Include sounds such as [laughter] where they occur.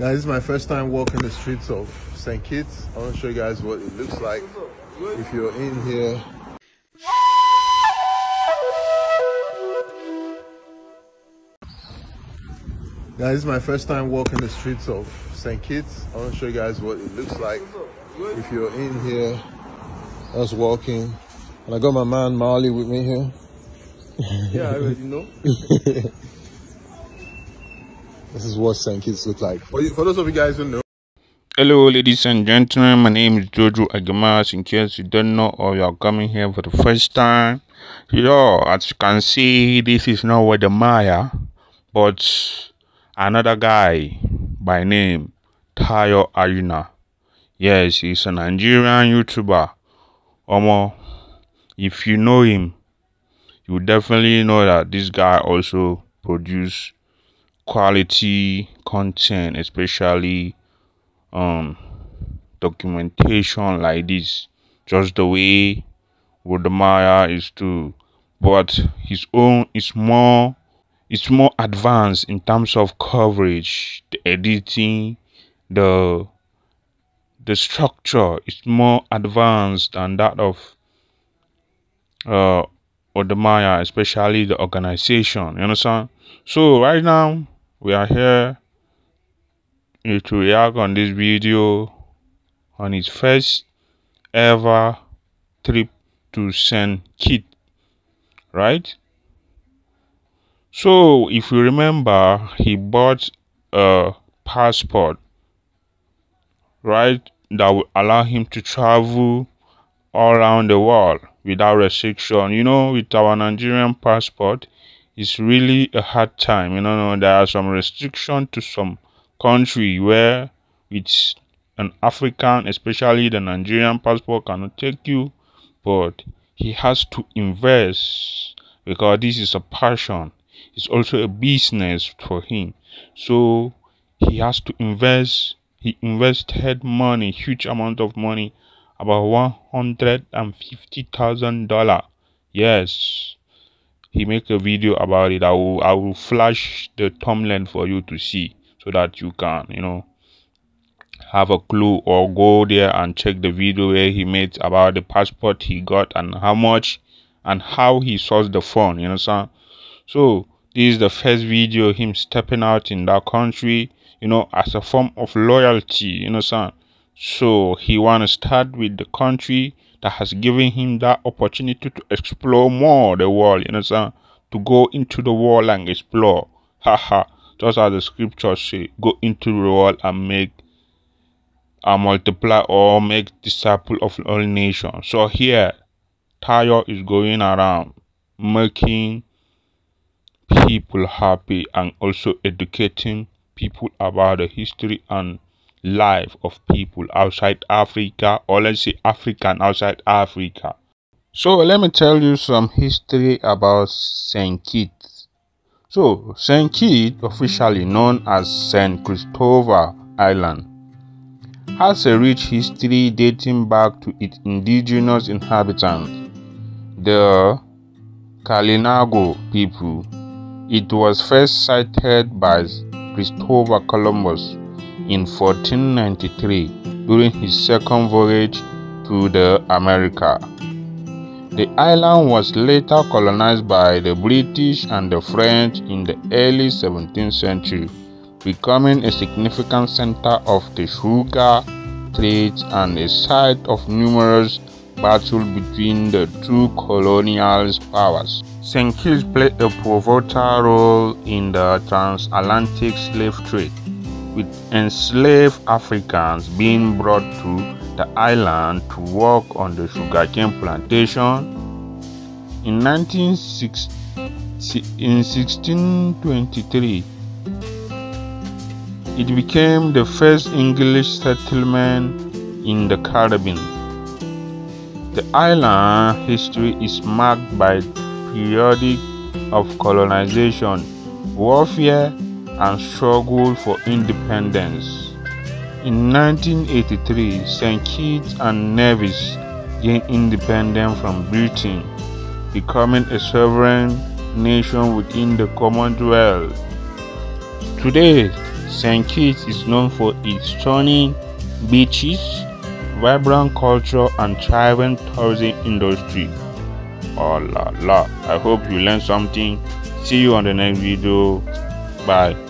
Guys, this is my first time walking the streets of St. Kitts. I want to show you guys what it looks like if you're in here. Guys, this is my first time walking the streets of St. Kitts. I want to show you guys what it looks like if you're in here. I was walking and I got my man Marley with me here. yeah, I already know. [laughs] This is what St. Kitts look like. For, you, for those of you guys who know, Hello, ladies and gentlemen. My name is Jojo Agamas. In case you don't know or you are coming here for the first time, you know, as you can see, this is not where the Maya, but another guy by name Tayo Ayuna. Yes, he's a Nigerian YouTuber. Omo, if you know him, you definitely know that this guy also produced quality content especially um documentation like this just the way Rodemeyer is too but his own is more it's more advanced in terms of coverage the editing the the structure is more advanced than that of uh Odemeyer, especially the organization you understand so right now we are here to react on this video on his first ever trip to St. Kitts, right? So, if you remember, he bought a passport, right, that would allow him to travel all around the world without restriction. You know, with our Nigerian passport, it's really a hard time. You know, there are some restriction to some country where it's an African, especially the Nigerian passport, cannot take you, but he has to invest because this is a passion. It's also a business for him. So he has to invest. He invested money, huge amount of money, about one hundred and fifty thousand dollar. Yes, he make a video about it i will i will flash the thumbnail for you to see so that you can you know have a clue or go there and check the video where he made about the passport he got and how much and how he sourced the phone you understand so this is the first video him stepping out in that country you know as a form of loyalty you understand so he want to start with the country that has given him that opportunity to explore more the world, you understand? To go into the world and explore. Haha. Just as the scriptures say, go into the world and make and multiply or make disciple of all nations. So here Tayo is going around making people happy and also educating people about the history and life of people outside Africa or let's say African outside Africa. So let me tell you some history about Saint Kitts. So Saint Kitts, officially known as Saint Christopher Island, has a rich history dating back to its indigenous inhabitants, the Kalinago people. It was first sighted by Christopher Columbus in 1493 during his second voyage to the America. The island was later colonized by the British and the French in the early 17th century, becoming a significant center of the sugar trade and a site of numerous battles between the two colonial powers. St. Kitts played a pivotal role in the transatlantic slave trade with enslaved Africans being brought to the island to work on the sugarcane plantation. In, 1960, in 1623, it became the first English settlement in the Caribbean. The island history is marked by periodic of colonization, warfare, and struggled for independence. In 1983, St. Kitts and Nevis gained independence from Britain, becoming a sovereign nation within the Commonwealth. Today, St. Kitts is known for its stunning beaches, vibrant culture, and thriving tourism industry. Oh la la, I hope you learned something. See you on the next video. Bye.